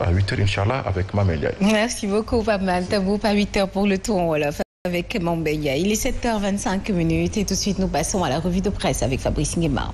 à 8h, Inch'Allah, avec Mamelia. Merci beaucoup, Papa Tabou, à 8h pour le tour en Wolof avec Mambeya. Il est 7h25 et tout de suite, nous passons à la revue de presse avec Fabrice Nguema.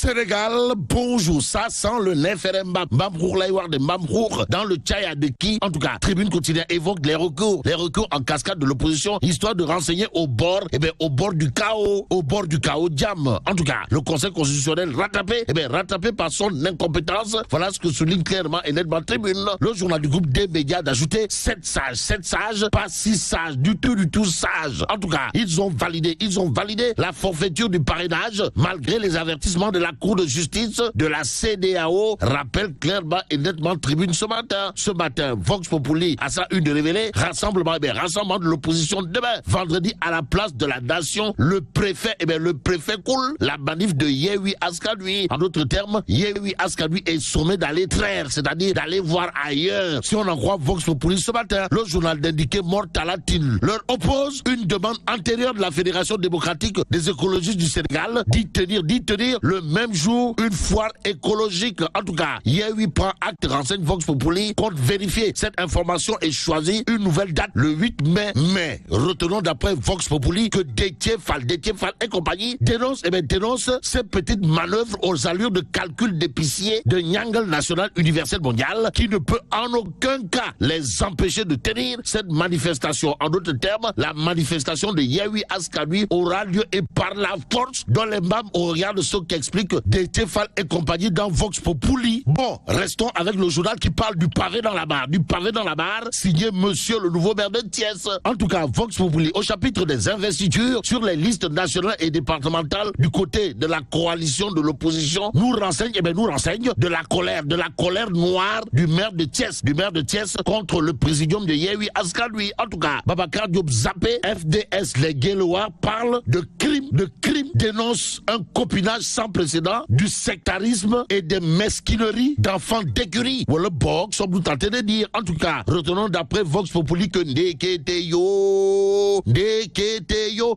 Sénégal, bonjour. Ça sent le nef Feremba. Mamrour, de Mamrour, dans le Tchaya de qui En tout cas, Tribune quotidienne évoque les recours. Les recours en cascade de l'opposition, histoire de renseigner au bord, eh bien, au bord du chaos, au bord du chaos diam. En tout cas, le Conseil constitutionnel rattrapé, eh bien, rattrapé par son incompétence. Voilà ce que souligne clairement et nettement Tribune. Le journal du groupe des médias d'ajouter 7 sages, 7 sages, pas 6 sages, du tout, du tout sages. En tout cas, ils ont validé, ils ont validé la forfaiture du parrainage, malgré les avertissements de la la Cour de justice de la CDAO rappelle clairement et nettement tribune ce matin. Ce matin, Vox Populi a sa une révélée, rassemblement, eh rassemblement de l'opposition demain. Vendredi, à la place de la nation, le préfet, eh bien, le préfet coule la manif de Yehui Askadui. En d'autres termes, Yehui Askadui est sommé d'aller traire, c'est-à-dire d'aller voir ailleurs. Si on en croit Vox Populi ce matin, le journal d'indiqué mort à leur oppose une demande antérieure de la Fédération démocratique des écologistes du Sénégal d'y tenir, d'y tenir le même jour une foire écologique. En tout cas, Yehui prend acte, renseigne Vox Populi, compte vérifier cette information et choisit une nouvelle date, le 8 mai. Mais, retenons d'après Vox Populi que Détier Fall, Détier Fall et compagnie dénonce, eh bien, dénonce ces petites manœuvres aux allures de calcul d'épicier de Nyangle National Universel Mondial qui ne peut en aucun cas les empêcher de tenir cette manifestation. En d'autres termes, la manifestation de Yehui lui aura lieu et par la force dans les mâmes au regard de ce qu'explique des et compagnie dans Vox Populi. Bon, restons avec le journal qui parle du pavé dans la barre. Du pavé dans la barre, signé Monsieur le nouveau maire de Thiès. En tout cas, Vox Populi, au chapitre des investitures sur les listes nationales et départementales du côté de la coalition de l'opposition, nous renseigne, eh bien, nous renseigne de la colère, de la colère noire du maire de Thiès, du maire de Thiès contre le présidium de Yehui Askalui. En tout cas, Babacar Diop Zappé, FDS, les Guélois parlent de crime, de crime, dénonce un copinage sans précédent du sectarisme et des mesquineries d'enfants d'écurie. Ou le box, sommes-nous de dire. En tout cas, retenons d'après Vox Populi que Ndeketeyo, Ndeketeyo,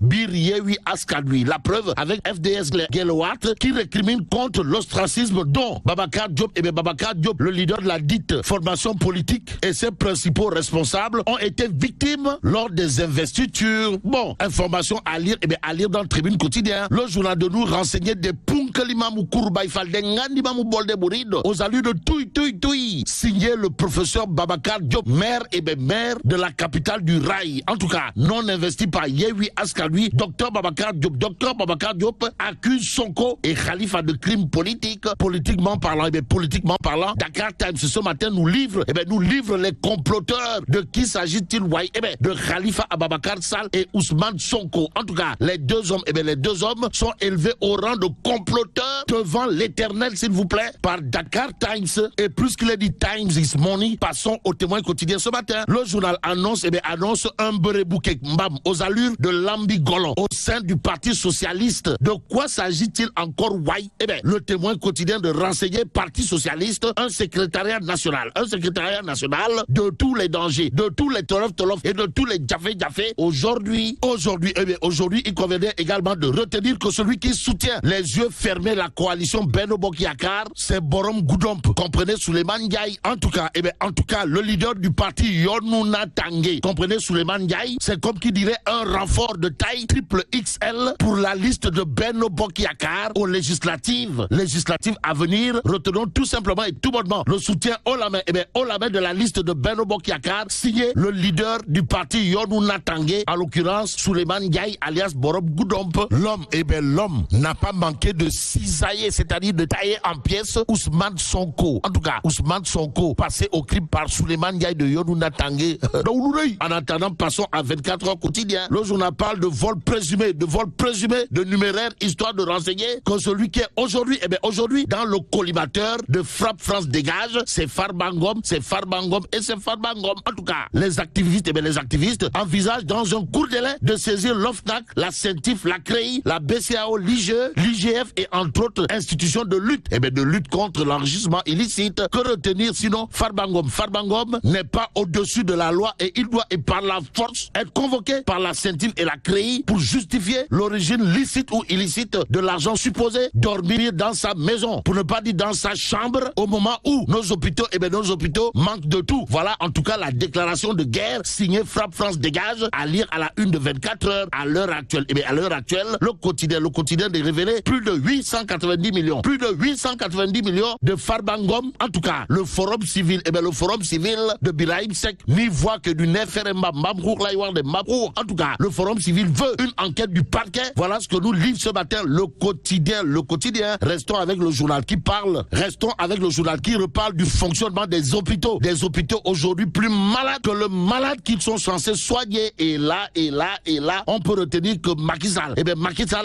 Bir Yewi Askadui. La preuve avec FDS Gelowat qui récrimine contre l'ostracisme dont Babacar Diop et eh bien Babacar Diop, le leader de la dite formation politique et ses principaux responsables ont été victimes lors des investitures. Bon, information à lire, et eh bien à lire dans le tribune quotidien. Le journal de nous renseigne enseigner des ponts que Nkelimamu Kourbaïfal, Dengandimamu Bolde Bourido, aux allures de tui tui tui, signé le professeur Babacar Diop, maire et bien maire de la capitale du rail. En tout cas, non investi par Yewi Askalui, docteur Babacar Diop. Docteur Babacar Diop accuse Sonko et Khalifa de crimes politiques, politiquement parlant, et eh bien politiquement parlant. Dakar Times ce matin nous livre, et eh bien nous livre les comploteurs. De qui s'agit-il, Wai Eh bien, de Khalifa Ababakar Sal et Ousmane Sonko. En tout cas, les deux hommes, et eh bien les deux hommes sont élevés au rang de complot explotar. devant l'éternel, s'il vous plaît, par Dakar Times. Et plus qu'il a dit Times is money, passons au témoin quotidien ce matin. Le journal annonce, eh bien, annonce un bouquet Mbam aux allures de l'ambigolon au sein du Parti Socialiste. De quoi s'agit-il encore, Why Eh bien, le témoin quotidien de renseigner Parti Socialiste, un secrétariat national, un secrétariat national de tous les dangers, de tous les tolof tolof et de tous les jafé jafé. Aujourd'hui, aujourd'hui, eh bien, aujourd'hui, il convenait également de retenir que celui qui soutient les yeux fermés la coalition Beno c'est Borom Goudomp. Comprenez Souleymane Ndiaye. En tout cas, eh bien, en tout cas, le leader du parti Yonuna Tangué. Comprenez Souleymane Ndiaye, c'est comme qui dirait un renfort de taille triple XL pour la liste de Beno aux législatives. Législatives à venir, retenons tout simplement et tout bonnement le soutien au la main, eh bien, au la main de la liste de Beno Bokyakar, signé le leader du parti Yonuna Tangé. en l'occurrence Souleymane Ndiaye alias Borom Goudomp. L'homme, et eh bien, l'homme n'a pas manqué de six est c'est-à-dire de tailler en pièces Ousmane Sonko. En tout cas, Ousmane Sonko, passé au crime par Souleymane Ndiaye de Yonouna Natangé. en attendant, passons à 24 heures quotidien. on a parle de vol présumé, de vol présumé, de numéraire, histoire de renseigner que celui qui est aujourd'hui, eh bien aujourd'hui, dans le collimateur de Frappe France Dégage, c'est Farbangom, c'est Farbangom et c'est Farbangom. En tout cas, les activistes, eh les activistes envisagent dans un court délai de saisir l'OFNAC, la CENTIF, la CREI, la BCAO, l'IGE, l'IGF et entre autres institution de lutte, et eh de lutte contre l'enrichissement illicite. Que retenir sinon Farbangom Farbangom n'est pas au-dessus de la loi et il doit, et par la force, être convoqué par la Centine et la créée pour justifier l'origine licite ou illicite de l'argent supposé dormir dans sa maison, pour ne pas dire dans sa chambre, au moment où nos hôpitaux, et eh bien nos hôpitaux manquent de tout. Voilà en tout cas la déclaration de guerre signée Frappe France Dégage à lire à la une de 24 heures à l'heure actuelle. Et eh bien à l'heure actuelle, le quotidien, le quotidien des révélé, plus de 880 millions, plus de 890 millions de Farbangom. En tout cas, le forum civil, et eh bien, le forum civil de Biraïm Sek n'y voit que du NFRM mabrouk, Laïwan de En tout cas, le forum civil veut une enquête du parquet. Voilà ce que nous livre ce matin le quotidien. Le quotidien. Restons avec le journal qui parle. Restons avec le journal qui reparle du fonctionnement des hôpitaux. Des hôpitaux aujourd'hui plus malades que le malade qu'ils sont censés soigner. Et là, et là, et là, on peut retenir que Macky Sall, eh bien,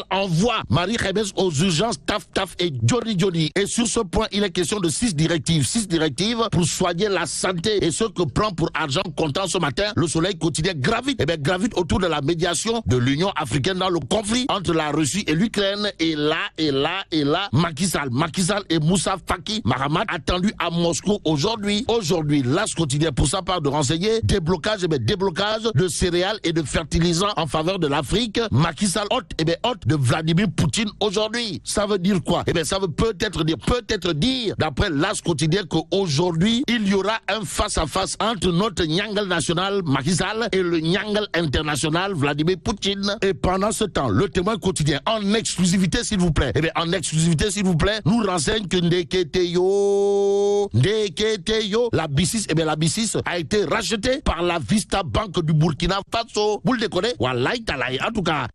envoie Marie Remes aux urgences taf taf et Johnny Et sur ce point, il est question de six directives. Six directives pour soigner la santé et ce que prend pour argent comptant ce matin le soleil quotidien gravite. Eh bien, gravite autour de la médiation de l'Union africaine dans le conflit entre la Russie et l'Ukraine. Et là, et là, et là, Macky Sall, Macky et Moussa Faki Mahamat attendu à Moscou aujourd'hui. Aujourd'hui, l'As quotidien pour sa part de renseigner déblocage, eh bien, déblocage de céréales et de fertilisants en faveur de l'Afrique. Macky hôte, eh bien, hôte de Vladimir Poutine aujourd'hui. Ça veut dire quoi Eh bien, ça veut peut-être dire, peut-être dire, d'après l'As quotidien, qu'aujourd'hui, il y aura un face-à-face entre notre Nyangal national, Macky Sall, et le Nyangal international, Vladimir Poutine. Et pendant ce temps, le témoin quotidien, en exclusivité, s'il vous plaît, eh bien, en exclusivité, s'il vous plaît, nous renseigne que Ndeketeyo, Ndeketeyo, la B6, eh bien, la b a été rachetée par la Vista Banque du Burkina Faso. Vous le déconnez là, En tout cas,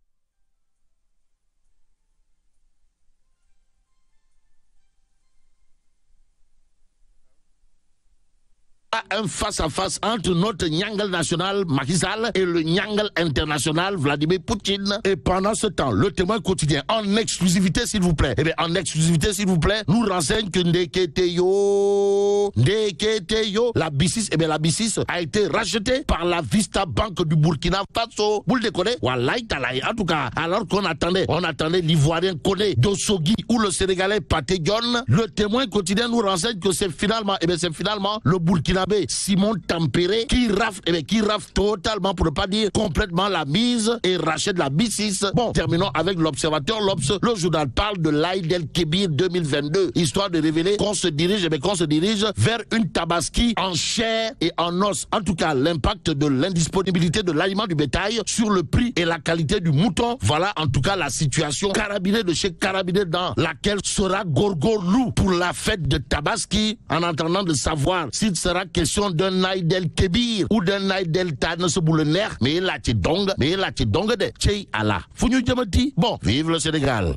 un face-à-face entre notre Nyangal national, Macky et le Nyangal international, Vladimir Poutine. Et pendant ce temps, le témoin quotidien, en exclusivité s'il vous plaît, et eh en exclusivité s'il vous plaît, nous renseigne que Ndeketeyo, Ndeketeyo, la b et eh la B6 a été rachetée par la Vista Banque du Burkina Faso. Vous le déconnez En tout cas, alors qu'on attendait, on attendait l'Ivoirien Koné, Dosogui ou le Sénégalais Paté le témoin quotidien nous renseigne que c'est finalement, et eh bien c'est finalement le Burkina Simon Tempéré, qui rafle, et eh qui rafle totalement, pour ne pas dire complètement la mise et rachète la b Bon, terminons avec l'observateur L'Obs. Le journal parle de l'Aïd El Kébir 2022, histoire de révéler qu'on se dirige, mais eh qu'on se dirige vers une tabaski en chair et en os. En tout cas, l'impact de l'indisponibilité de l'aliment du bétail sur le prix et la qualité du mouton. Voilà, en tout cas, la situation carabinée de chez Carabiné dans laquelle sera Gorgorlou pour la fête de Tabaski. En attendant de savoir s'il sera question d'un Naïd d'El Kebir ou d'un El Tan nerf mais la mais de Chey Allah bon vive le Sénégal